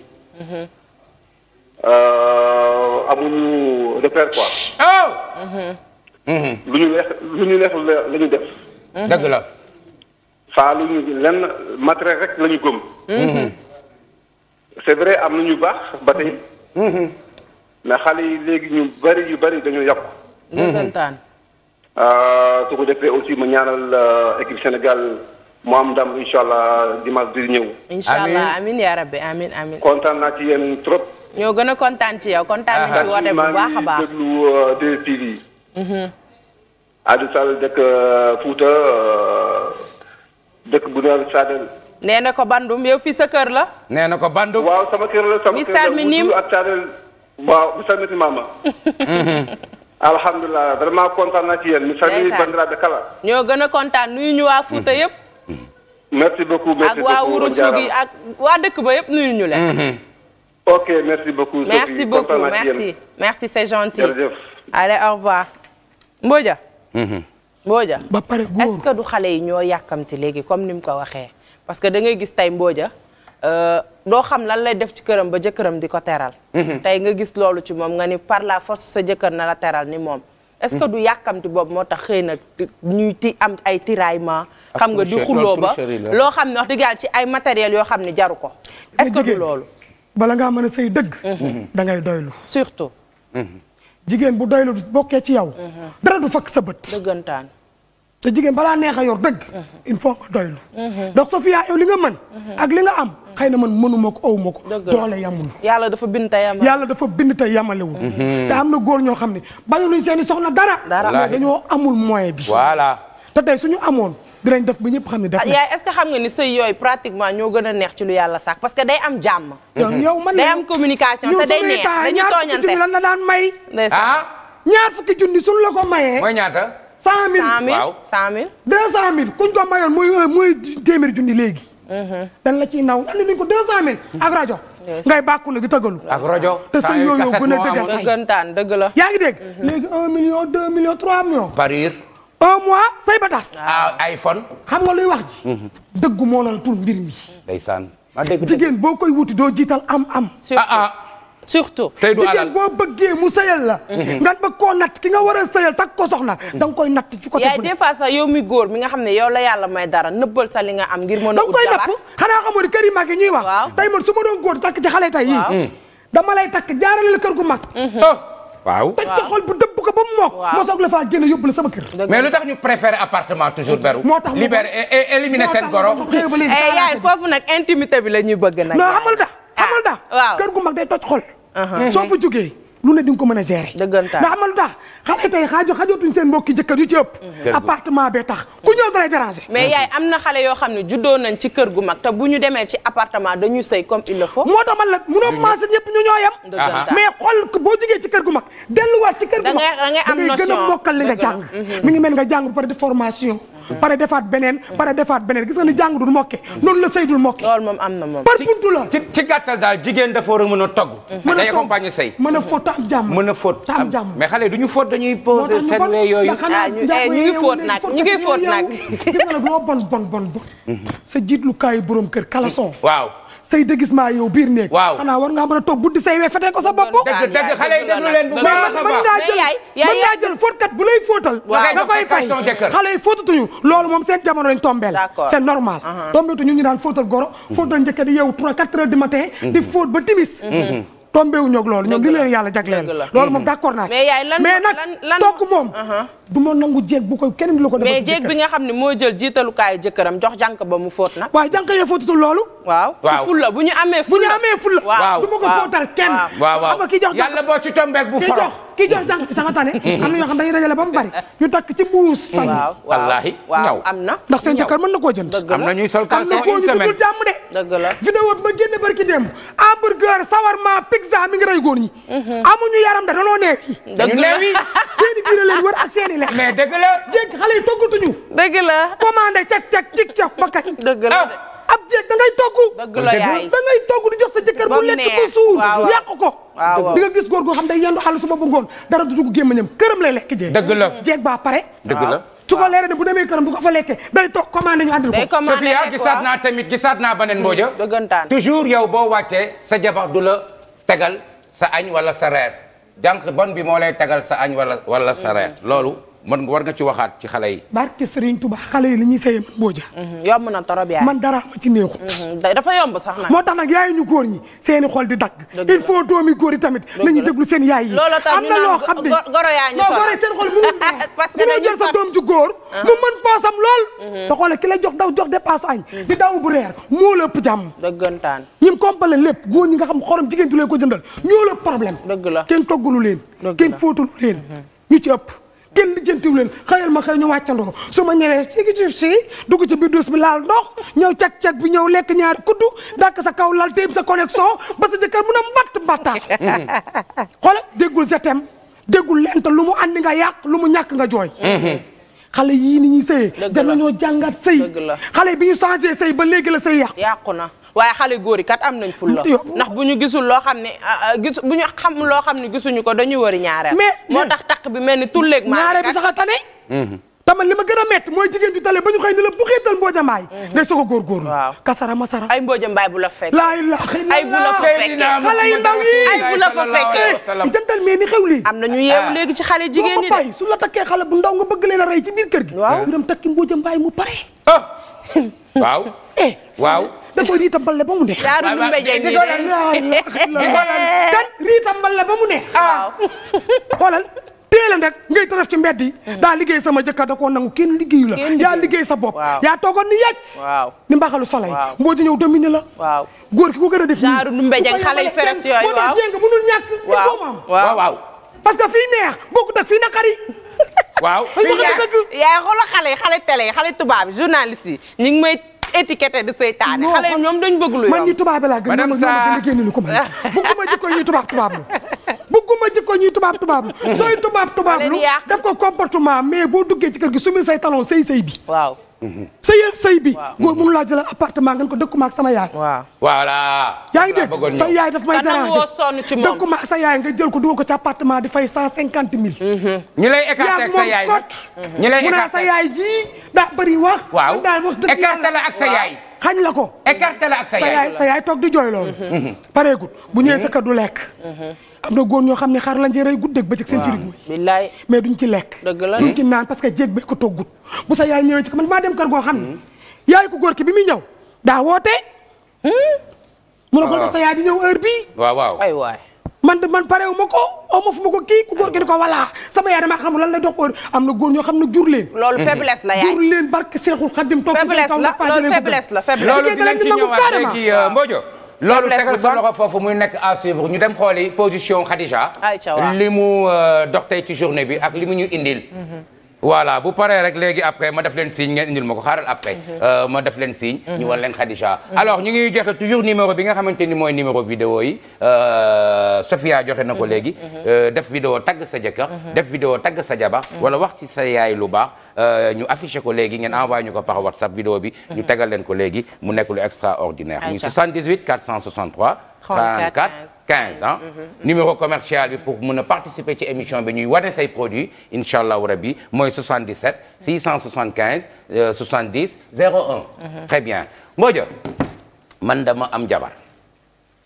D: Euh, amuñu repère quoi.
A: Oh!
C: Mm-hmm.
D: lu ñu neex lu ñu neex la ñu def. Mm-hmm. dëgg la. faa lu ñu lenn matériel rek la ñu gëm. Mm-hmm. c'est vrai am na ñu baax ba tey.
B: mais
D: xale yi léegi ñu bari yu bari dañoo yàqu.
B: dëggantaan.
D: Euh, su ko defee aussi ma ñaanal euh, équipe Sénégal mu am ndam incha allah dimanche bi ñëw. incha allah
B: amiin yaa rabbi amiin amiin
D: kontaan naa ci yéen trop.
B: ñoo gën a kontaan ci kontaan nañ bu baax a baax euh,
D: maa mhm. euh, euh,
B: ngi ko bandum yow fii sa kër la. nee na ko bandum waaw sama kër
D: la sama mi ni maama. Mhm. alhamdulilah vraiment kontaan naa ci yéen. misaal mi bandiraaɓe kala.
B: ñoo gën a kontaan nuyu ñu waa Fouta mhm. yëpp.
D: merci beaucoup merci beaucoup ak waa Wurusugi ak
B: waa dëkk ba yëpp nuyu ñu leen. ok merci beaucoup. Sophie. merci merci merci c'est gentil. jërëjëf allez au revoir. Mbodja. Mhm. Mbodja. ba pare góor est du xale yi ñoo yàkkamti léegi comme ni mu ko waxee parce que da ngay gis tey Mbodja euh, doo xam lan lay def ci këram ba jëkkëram di ko teral. Mhm. tey nga gis loolu ci moom nga ni par la force sa jëkkër na la teral ni moom. est-ce que mhm. du yàkkamti boobu moo tax xëy nag ñuy ti am ay tiraillement xam nga di xuloo ba loo xam ne wax dëgg ci ay matériel yoo xam ne jaru ko. est du loolu.
C: bala ngaa mën a sëy dëgg. Mhm. da ngay doylu. surtout. Mhm. jigéen bu doylu bokkee ci yow. Mhm. dara du fakk sa bët. dëggantaan. te jigéen balaa neex a yor dëgg. il faut nga doylu. donc Sofia yow li nga mën. ak li nga am xëy na man mënuma ko awuma ko. doole yamul.
B: yàlla dafa bind te
C: yàlla dafa bind te yamalewul. te am na góor ñoo xam ne bañu luñ seen soxna dara. dara dañoo amul moyen bi. voilà te tey su ñu amoon. dinañ def ba ñëpp xam ne def na ah, yaay
B: est-ce que xam nga ni sëy yooyu pratiquement ñoo gën a neex ci lu yàlla sax parce que day am jàmm. Mm-hmm. yow man day am communication te day neex dañuy tooñante ñaar fukki junni lan la daan may. ah
C: ñaar fukki junni suñu la ko mayee. mooy ñaata. cent mille cent mille waaw kuñ ko mayoon muy euh, muy téeméeri junni léegi. Mm-hmm. dan la ciy naw andi nañ ko deux cent mille mm-hmm. ak rajo. ngay bàkku la di tëgalu
A: ak rajo te sëy yooyu gën a dëggantaan
C: dëgg yaa ngi dégg léegi un million deux million trois millions. un mois say bataas. ah iPhone. xam nga luy wax ji.
A: Mhm. dëggu moo la tul mbir mi. ndeysaan
C: ma dégg jigéen boo koy wuti doo jiital am-am. Ah, ah. surtout jigéen boo bëggee mu sëyal la mhm. nga bëgg koo natt ki nga war a sëyal takk ko soxna mhm. da koy
B: natt ci côté yaay des fois sax yow mi góor mi nga xam ne yow la yàlla may dara nëbbal sa li nga am ngir mën a ut jabar da nga
C: xanaa xamoo kër yi mag yi ñuy wax tey man su ma doon góor takk ci xale tey yii dama lay takk jaarale gu mag ah. waaw tëj sa xol bu dëbb ko ba mu mook moo soog la faa génne yóbbu la sama kër
A: mais lu tax ñu préféré appartement toujours beru moo tax libéré et éliminer seen goro eh, yaay
B: foofu nag intimité bi la ñuy bëgg nag non xamal da xamal ah, da kër gu mag day toj xol uh-huh. soo fa
C: lu ne di ko mën a gérer dëggantaan ndax amal tax xale tey xaajo xajootuñ seen mbokki jëkkër yu ci ëpp
A: mm-hmm.
C: bee tax ku ñëw dalay déranger
B: mais yaay am na xale yoo xam ne juddoo nañ ci kër gu mag te bu ñu demee ci appartement dañu sëy comme il le faut moo tax la mënoo maase ñëpp ñu ñoo yem
C: mais xool boo jógee ci gu mag delluwaat ci gu mag da ngay gën a mokkal li nga jàng mi ngi mm-hmm. mel nga jàng bu pare de formation pare defaat beneen pare defaat beneen gis nga ni jàng dul mokke noonu la
A: sëy dul mokke loolu moom am na moom par buntu la ci gàttal daal jigéen dafa war a mën a togg mën a accompagner sëy mën a fóot am jàmm mën a fóot am jàmm mais xale du ñu fóot dañuy posé seen wee yooyu ah,
C: eh, ñu ngi fóot nag ñu ngi fóot nag gis nga nag loo bon bon bon bon sa jiitlu kaayu borom kër kalason waaw sey say déguisement yow biir néeg waaw xanaa war ngaa mën a toog buddi say wee fetee ko sa bopp
A: dëgg bu ngaa jël mën ngaa
C: jël fóotkat bu lay fóotal nga koy fay xale yi fóotatuñu loolu moom seen jamono lañ tombeel c'est normal uh-huh. tombeetu ñu ñu daan fóotal goro fóotal njëkk di yeewu 3 4 heures du matin di mm-hmm. fóot ba timis mm-hmm. tombé wu ñoog loolu ñoom li leen yàlla jagleel loolu moom d'accord naa ci mais nag toog moom uh-huh. du ma nangu jéeg bu koy kenn lu ko defal mais jéeg
B: xam ne moo jël jiitalukaayu jëkkëram jox jànk ba mu fóot nag waaw jànk yee
C: fóotutul loolu waaw fulla bu ñu amee fulla bu ñu amee fulla du ma ko fóotal kenn
A: xam nga ki jox
C: yàlla boo ci tombé bu foro ki jox jànq bi sax tane mm-hmm. am na ñoo xam dañuy dajale ba mu bari ñu takk ci mbuus mm-hmm. sang wallaahi waaw am na ndax seen jëkkër mën na koo jënd am na ñuy sol am na koo ñu a jàmm de dëgg la vidéo bi ma génn barki démb hamburger sawarma pizza mi ngi rey góor ñi mm-hmm. amuñu yaram da danoo neew yi dëgg la seeni biir leen wër ak seeni lex mais dëgg la jéeg xale yi toggatuñu dëgg la cak cak cik cak ab jeeg da ngay togg da ngay togg di jox sa jëkkër bu lekk ba suur yàq ko di nga gis góor goo xam day yendu xaalis suba ba ngoon dara du dugg gémmiñam këram lay lekk jeeg dëgg la jeeg baa pare dëgg la su ko leeree ne bu demee këram bu ko fa lekkee day toog commandé ñu àndil ko Sofia gisaat
A: naa tamit gisaat naa beneen hmm, mbooja dëggantaan toujours yow boo wàccee sa jabar du la tegal sa añ wala sa reer jànq bon bi moo lay tegal sa añ wala wala sa reer loolu man war nga ci waxaat ci xale yi.
C: barke Serigne Touba xale yi la ñuy sëy man mhm, Mbodja. na torop yaay man dara ma ci neexu. Mhm, dafa yomb sax nag. moo tax nag yaay ñu góor ñi seeni xol di dagg. il faut doomi góor yi tamit nañu déglu seen yaay yi. looloo tax ñu naan na loo xam ne non goro seen xol mu doom ju góor. Mhm. mu mën poosam lool. te xoolal ki la jox daw jox dépasse añ. di daw bu reer moo la ëpp jàmm.
B: dëggantaan
C: ñi compale lépp góor ñi nga xam xorom jigéen du leen ko jëndal ñoo la problème. dëgg la kenn toggalu leen. kenn fóotalu leen ñu ci ëpp kenn lijjantiw leen xëyal ma xëy ñu wàccandoo su ma ñëwee ci ci si dugg ci biir douche mi laal ndox ñëw cag-cag bi ñëw lekk ñaari kuddu dàkk sa kaw lal téeb sa connexion ba sa jëkkër mu a mbatt mbattaar hmm. xoola déggul sa t'aime déggul lente lu mu andi nga yàq lu mu ñàkk nga jooy hmm. xale yii ni ñuy sëyee dañoo jàngat sey sëy xale bi ñu changé sëy ba léegi la sëy yàqu yàqu na
B: waaye xale góor yi kat am nañ ful la
C: ndax bu ñu gisul loo xam ne ah, ah, gis bu ñu
B: xam loo xam ne gisuñu ko dañuy wari ñaareel mais moo tax takk bi mel ni tulleeg ñaareel bi sax a tane mm-hmm.
C: taman li ma gën a métti mooy jigéen ju tale ba ñu xëy ni la bu xeetal mbooja mbaay mhm. day soog a góorgóorlu kasara masara ay mbooja mbaay bu la fekk laa ilaha ay bu la fekk xale yu ndaw yi ay bu la fa fekk jantal mais ni xew lii am na ñu yeewu ah. léegi ci xale jigéen ñi de su la takkee xale bu ndaw nga bëgg leen a rey ci biir kër gi ñu dem takki mbooja mbaay mu pare ah.
A: waaw eh waaw
C: da koy riita mballe ba mu ne daaru lu mbéjee nii de xoolal kan riita mballe ba mu ne ah. xoolal leen rek ngay tërëf ci mbedd yi hmm. daa liggéey sama jëkkër da koo nangu kenn liggéeyu la yaa liggéey sa bop yaa toogoon ni yàcc ni mbaxalu soleil mboo di ñëw dominé la waaw góor ki ko gën a def nii dumbe jeng xale yu feres yooyu boo dee jéng mënul ñàkk il faut maam waaw parce que fii neex bokkut ak fii ma
A: waaw
B: yaay xoola xale xale télé xale tubaab journaliste yi ñu ngi may étiqueté de seytaane
C: xale ñoom dañ bëgg lu yow tubaab laa gën ñoom a a génn tubaab ba ci ko ñuy tubaab tubaab sooy tubaab tubaab lu def ko comportement mais boo duggee ci kër gi sumil say talon sëy sëy bi waaw sëyal sëy bi góor mënu laa jëlal appartement ngeen ko dëkkuma ak sama yaay voilà yaa ngi dégg sa yaay daf may déranger dëkkuma ak sa yaay nga jël ko dugal ko ci appartement di fay cent cinquante mille mhm. ñu lay écarté ak sa yaay kot ñu lay écarté mu naa sa yaay jii
A: daa bëri wax waaw daal wax dëgg écarté la ak sa yaay xañ la ko écarté la ak sa yaay sa yaay
C: toog di jooy loolu mhm. pareegut bu ñëwee sa kër du lekk mhm. am na góor ñoo xam ne xar lañ ci rey guddeeg bëccëg seen firig mooy mais duñ ci lekk duñ ci naan parce que jéeg ba ko toggut bu sa yaay ñëwee ci ko man maa dem kër goo xam ne hmm. yaay ko góor ki bi muy ñëw daa woote hmm?
A: mu ne ko ah. da sa yaay di
C: ñëw heure bii waaw waaw waay man de man parewu ma ko aw ma fu ma ko kii ku góor ki di ko walaax sama yaay damaa xamul lan lay dox heure am na góor ñoo xam ne jur leen loolu
B: faiblesse la yaay jur
C: leen barke Seexul Xadim toog faiblesse la loolu faiblesse la
B: faiblesse la loolu dinañ ci ñëwaat léegi
A: euh, loolu tegal sa loxo foofu muy nekk à suivre ñu dem xooli position Khadija. li mu euh, dox tey ci journée bi ak li mu ñu indil. Mhm. voilà bu paree rek léegi après ma def leen signe ngeen indil ma ko xaaral après. Mhm. Euh, ma def leen signe. Mhm. ñu war leen mhm. alors ñu ngi joxe toujours numéro bi nga xamante ni mooy numéro vidéo yi euh, Sofia joxe na ko léegi. Euh, def vidéo tagg sa jëkkër. def vidéo tagg sa jabar. wala wax ci sa yaay lu baax ñu affiché ko léegi ngeen envoyé ñu ko par WhatsApp vidéo bi. ñu tegal leen ko léegi mu nekk lu extraordinaire. ñu 78 463. 34 15 ah. numéro commercial bi pour mën a participer ci émission bi ñuy wane say produits incha allahu rabi mooy 77 675 70 01. très bien Mbodja man dama am jabar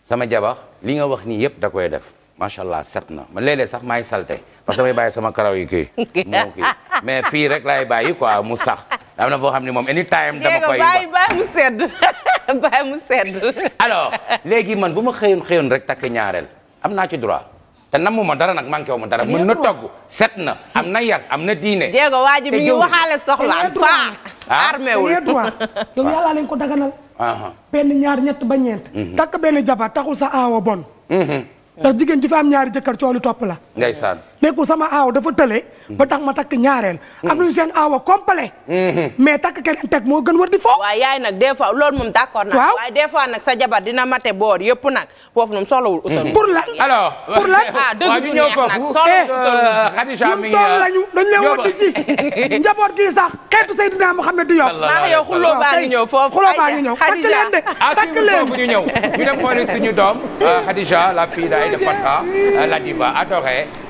A: sama jabar li nga wax nii yëpp da koy def macha allah set na ma léeg-léeg sax maay salte parce que damay bàyyi sama karaw yi
B: mais fii
A: rek laay bàyyi quoi mu sax am na boo xam ne moom anytime dama koy. dégg nga bàyyi bàyyi mu sedd. alors léegi man bu ma xëyoon xëyoon rek takk ñaareel am naa ci droit te namu ma dara nag manqué wu ma dara. mën na togg set na am na yar am na diine. te jéego waa ji mi ngi waxaale
C: soxla am faa ah? armé wul yow yàlla lañ ko daganal. Ah, ah. benn ñaar ñett ba ñeent. Mhm. takk benn jabar taxul sa aawa bon.
A: Mhm. ndax
C: jigéen ju fa am ñaari jëkkër coolu topp la. ndeysaan. nekkul sama aaw dafa tële. ba tax ma takk ñaareel. am nañu seen aawa complet. Mhm. mais takk keneen teg moo gën war di foofu. waaw yaay nag des fois loolu moom d' accord nag.
B: waaw waaye des nag sa jabar dina mate boor yëpp nag foofu moom soxlawul. Mhm. pour lan
C: alors pour lan. ah dëgg du neex nag soxla eh, eh, Khadija mi ngi lañu dañ leen woon di ji njaboot gi sax xeetu Seydina Muhammad du yomb. maa yow xuloo baa ngi ñëw foofu. xuloo baa ngi ñëw takk ah, ñu ñëw ñu
A: euh, la fille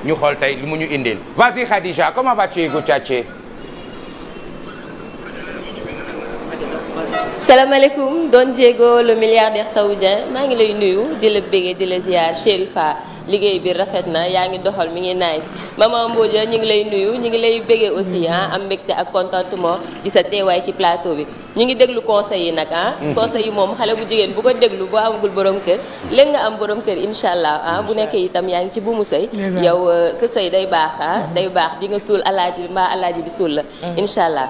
A: ñu xool tey lu mu ñu indil vas-y Khadija comment vas-tu Goutiaché
E: salaamaaleykum Don Diego le milliardaire saoudien maa ngi lay nuyu di la bége di la ziar Chérifa liggéey bi rafet na yaa ngi doxal mi ngi nice maman Mbodja ñu ngi lay nuyu ñu ngi lay béggee aussi mm-hmm. ah, am mbégte ak contentement ci sa teewaay ci plateau bi ñu ngi déglu conseils yi nag ah mm-hmm. conseils yi moom xale bu jigéen bu ko déglu boo amagul borom kër léegi nga am borom kër incha allah ah bu nekkee itam yaa ngi ci bu mu sëy yow euh, sa sëy day baax ah mm-hmm. day baax di nga suul alaaji bi mbaa alaaji bi suul la incha allah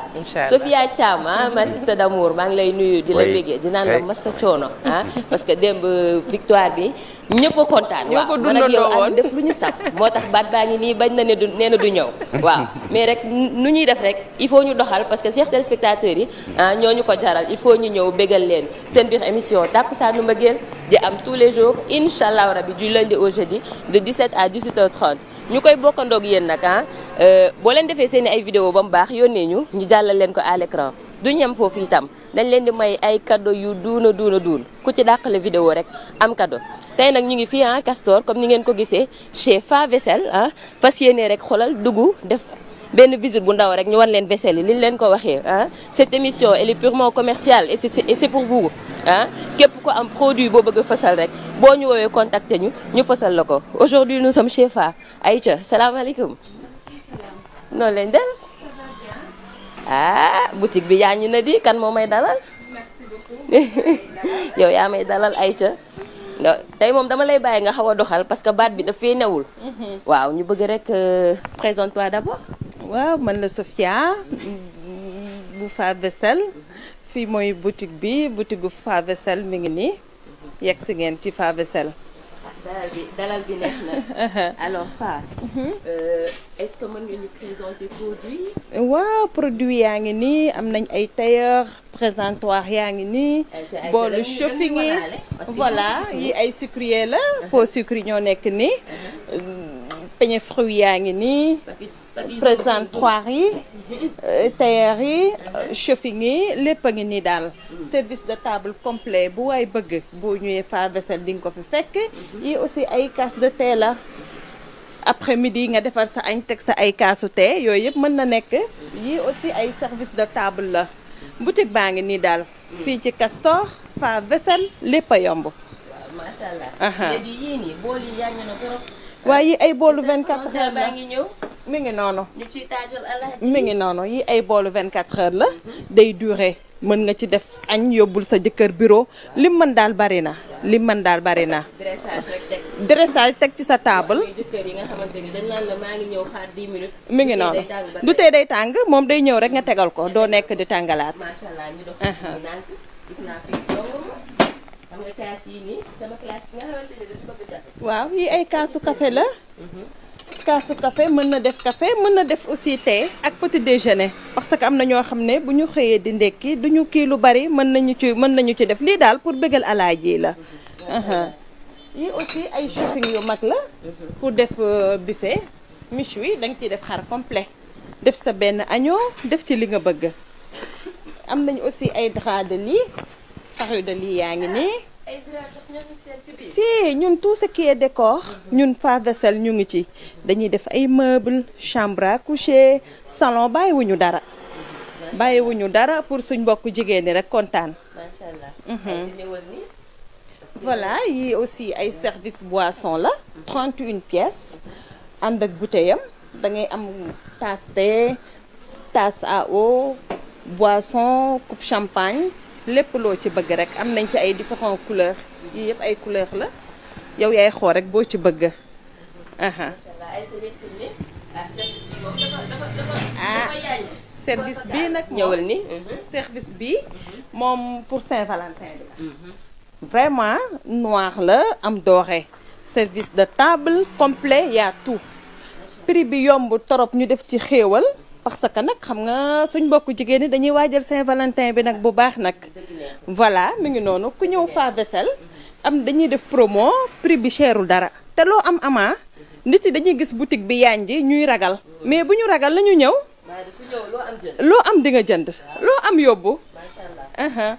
E: Sophia Thiam ah ma sister d'amour maa ngi lay nuyu di la bëggee di naan la massa coono ah. parce que démb victoire bi ñëpp kontaan. ñoo ko dundandoo woon man ak yow def lu ñu saf moo tax baat baa ngi nii bañ na ne du nee na du ñëw. waaw mais rek nu ñuy def rek il faut ñu doxal parce que chef de yi ah, ñoo ñu ko jaral il faut ñu ñëw bégal leen seen biir émission Takkusaanu Mbëggeel di am tous les jours incha allah rabi du lundi au jeudi de 17 à 18h30 ñu koy bokkandoog yéen nag ah euh, boo leen defee seen ay vidéo ba mu baax yónnee ñu ñu jàllal leen ko à l'écran duñ yem foofu itam dañ leen di may ay cadeau yu duuna duuna duun ku ci dàqle vidéo rek am cadeau tey nag ñu ngi fii ah Castor comme ni ngeen ko gisee chez Fa Vaisselle ah fas yéene rek xoolal dugg def benn visite bu ndaw rek ñu war leen vaisselle yi liñ leen ko waxee ah émission elle est purement commerciale et c'est pour vous ah. képp ko am produit boo bëgg fasal rek boo ñu woowee contacter ñu ñu fësal la ko aujourd'hui nous sommes chez Fa Aïcha salaamaaleykum noonu leen def ah boutique bi yaa ñi na di kan moo may dalal. merci beaucoup. yow yaa may dalal Aïcha. tey moom dama lay bàyyi nga xaw a doxal parce que baat bi dafay fee newul. Mhm. waaw ñu bëgg rek euh, présente toi d'abord. waaw man la Sofia
F: bu Fa Vaisselle fii mooy boutique bi boutique bu Fa Vaisselle mi ngi nii yegg si ngeen ci Fa Vaisselle.
E: dalal bi bi neex na alors mhm. euh, ce que mën
F: waaw produit yaa ngi nii am nañ ay tailleur présentoir yaa ngi nii. Eh, boolu shopping yi voilà yi ay sucrier la. Mhm. pot sucre ñoo nekk nii. Mhm. Euh, peñe fruit yaa ngi nii trois yi euh, tailleur yi shopping euh, yi lépp a ngi nii daal service de table complet bu waay bëgg boo ñëwee fa vaisselle di nga ko fi fekk mhm. yi aussi ay casse de thé la après midi nga defar sa añ teg sa ay kaasu thé yooyu yëpp mën na nekk yi aussi ay service de table la boutique baa ngi nii daal fii ci Castor fa vaisselle lépp a yomb waaye yi ay boolu 24 heures la ngi
E: ñëw mi ngi noonu ñu ciy
F: mi ngi noonu yi ay boolu 24 heures la mhm. day durer mën nga ci def añ yóbbul sa jëkkër bureau lim mën daal bari na lim mën daal bari na dressage teg ci sa table
E: mi ngi noonu du tey day
F: tàng moom day ñëw rek nga tegal ko doo nekk di tàngalaat
E: uh-huh. gis naa fi xam
F: waaw yi ay kaasu kafe la kaasu café mën na def café mën na def aussi thé ak petit jeune parce que am na ñoo xam ne bu ñu xëyee di ndekki duñu kii lu bari mën nañu ci mën nañu ci def lii daal pour bëggal alaaj yi la yi aussi ay shopping yu mag la pour def euh, buffet miche wi da nga ciy def xar complet def sa benn agneau def ci li nga bëgg am nañu aussi ay drap de lit paru de lit yaa ngi nii si ñun tout ce qui ñun fa vaisselle ñu ngi ci dañuy def ay meubles chambra à coucher salon bàyyiwuñu dara bàyyiwuñu dara pour suñ mbokk jigéen ñi rek kontaan. macha allah mhm. voilà yii aussi ay service boisson la. 31 pièces ànd ak bouteille am da ngay am tasse thé tasse à eau boisson coupe champagne. lépp loo ci bëgg rek am nañ ci ay différents couleurs yii yëpp ay couleurs la yow yaay xool rek boo ci bëgg. macha ah, service bi nag ñëwal ni mhm. service bi mhm. moom pour Saint-Valentin bi mhm. vraiment noir la am doré service de table complet y tout prix bi yomb torop ñu def ci xéewal parce que nag xam nga suñ mbokku jigéen ñi dañuy waajal Saint-Valentin bi nag bu baax nag. voilà mi ngi noonu ku ñëw faa vaisselle. am dañuy def promo prix bi cherul dara. te loo am ama nit yi dañuy gis boutique bi yaañ ji ñuy ragal. mais bu ñu ragal la ñu ñëw. loo am di nga jënd. loo am yóbbu. macha allah uh-huh.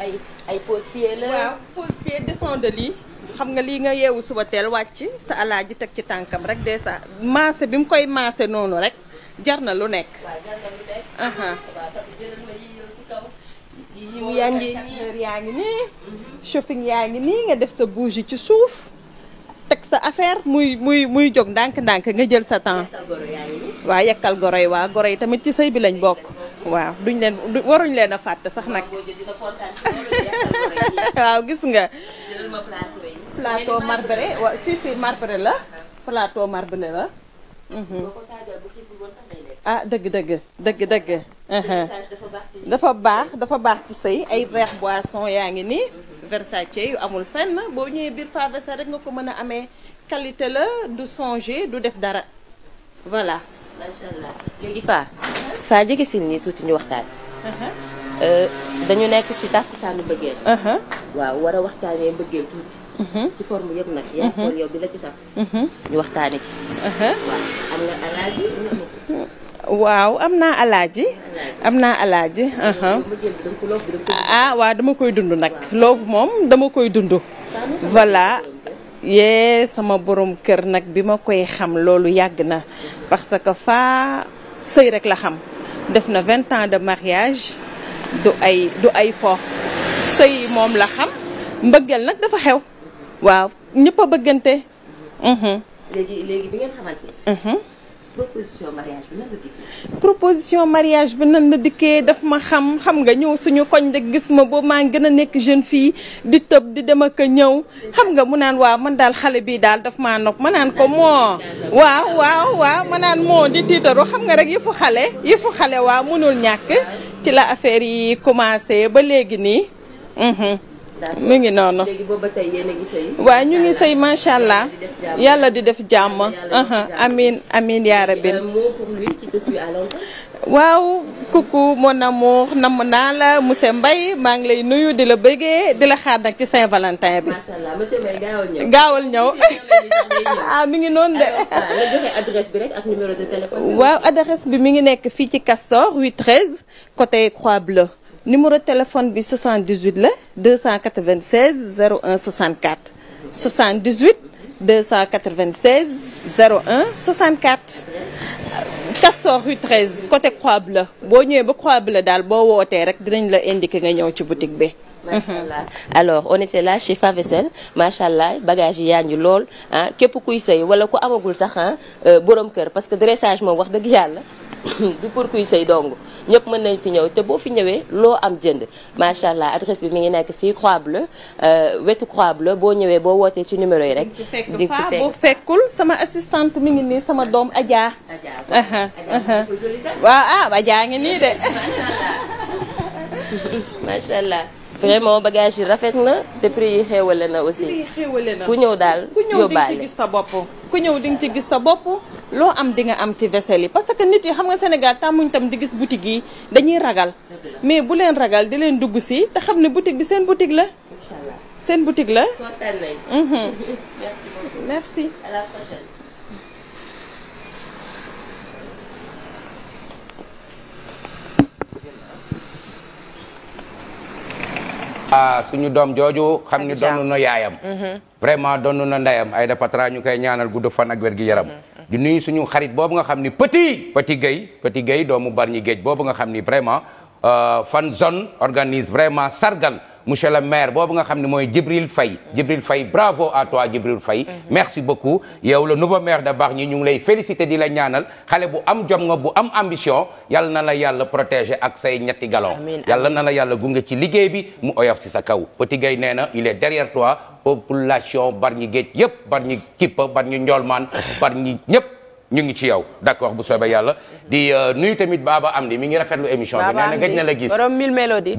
F: ay de lit xam nga lii nga yeewu suba teel wàcc sa alaaji teg ci tànkam rek de sa maase bi mu koy maase noonu rek jar na lu nekk.
E: waaw yaa ngi
F: nii. shopping yaa ngi nii nga def sa bougie ci suuf. teg sa affaire muy muy muy jóg ndànk-ndànk nga jël sa temps. waa yekkal goro yi waa goro yi tamit ci sëy bi lañ bokk. waaw duñ leen waruñ leen a fàtte sax nag. waaw gis nga.
E: plateau marbré wa si si marbré la
F: plateau marbré la. Mhm. ah dëgg dëgg dëgg dëgg. Mhm. dafa baax dafa baax ci sëy ay verre boisson yaa ngi ni mhm. Versace yu amul fenn boo ñëwee biir Favesa rek nga ko mën a amee qualité la du changer du def dara voilà.
E: macha allah léegi Faa. Faa jege si nii tuuti ñu waxtaan. Euh, dañu nekk ci tàkkusaanu mbëggeel uh-huh. waaw war a waxtaanee mbëggeel tuuti uh-huh. ci forme uh-huh. ñu waxtaane ci waaw
F: am na alaaji am naa alaaji ah waaw dama koy dund nag loofu moom dama koy dund voilà yee sama boroom kër nag bi ma koy xam loolu yàgg na parce que faa sëy rek la xam def na vingt ans de mariage du ay du ay fo sëy moom la xam mbëggeel nag dafa xew waaw ñëpp bëggante. Mhm.
E: léegi mhm.
F: proposition mariage bi nan la dikkee. daf ma xam xam nga ñëw suñu koñ de gis ma boobu maa gën a nekk jeune fii di tëb di dem ak ñëw xam nga mu naan waaw man daal xale bii daal daf ma nopp ma naan ko moo. waaw waaw waaw ma naan moo di tiitaru xam nga rek yëfu xale yëfu xale waaw mënul ñàkk. ci la affaire yi commencé ba léegi nii. mu mhm. ngi noonu. léegi ba tey
E: yéen a waaw ñu ngi
F: sëy macha allah yàlla di def jàmm. amiin amiin yaa rabbi.
E: Euh,
F: waaw coucou mon amour namm naa la monsieur Mbaye maa ngi lay nuyu di la bëggee di la xaar nag ci Saint-Valentin bi.
E: macha allah monsieur Mbaye gaawal ñëw. gaawal ñëw ah mi ngi noonu de. nga joxe adresse bi rek ak numéro de téléphone. waaw
F: adresse bi mi ngi nekk fii ci Castor 8 13 côté Croix Bleue numéro téléphone bi 78 la 296 01 64 78 296 01 64. Castor rue 13 côté Croix Bleue boo ñëwee ba Croix Bleue daal boo wootee rek dinañ la indiquer nga ñëw ci boutique bi.
E: machallah alors on était là chez Favessel allah bagage yaa ngi lool ah képp kuy sëy wala ku amagul sax ah euh, borom kër parce que dressage moom wax dëgg yàlla. du pour kuy sëy dong ñëpp mën nañ fi ñëw te boo fi ñëwee loo am jënd macha allah adresse bi mi ngi nekk fii Croix Bleue euh, wetu Croix boo ñëwee boo wootee ci numéro yi rek. di boo fekkul sama assistante mi ngi nii sama doom Adja. Adja
F: waaw ah Adja ngi nii de.
E: macha allah. vraiment bagage yi rafet na te yi xéewale na aussi ku ñëw daal ku ñëw di nga ci gis
F: sa bopp ku ñëw di nga ci gis sa bopp loo am di nga am ci vaisselle yi parce que nit yi xam nga Sénégal tàmmuñ tam di gis boutique yi dañuy ragal mais bu leen ragal di leen dugg si te xam ne boutique bi seen boutique la seen boutique la mhm.
E: merci
A: ah suñu doom jooju xam ni donn na yaayam mm-hmm. vraiment donn na ndeyam Aïda Patra ñu koy ñaanal gudd fan ak wér gi yaram mm-hmm. di nuyu suñu xarit boobu nga xam ni petit petit Guèye petit Guèye doomu Géej boobu nga xam ni vraiment euh, fan zone organise vraiment sargal monsieur le maire boobu nga xam ne mooy Djibril Faye Djibril Faye bravo à toi Djibril fay mhm. merci beaucoup yow la nouveau maire baax ñi ñu ngi lay féliciter di la ñaanal xale bu am jom nga bu am ambition yàlla na la yàlla protégé ak say ñetti galon yàlla na la yàlla gunge ci liggéey bi mu oyof ci sa kaw Petit gay nee na il est derrière toi population ñi Géej yëpp Bargny Kippa Bargny Ndiolmane Bargny ñëpp ñu ngi ci yow d'accord bu soobee yàlla di euh, nuyu tamit Baba Amdi mi ngi rafetlu émission
B: bi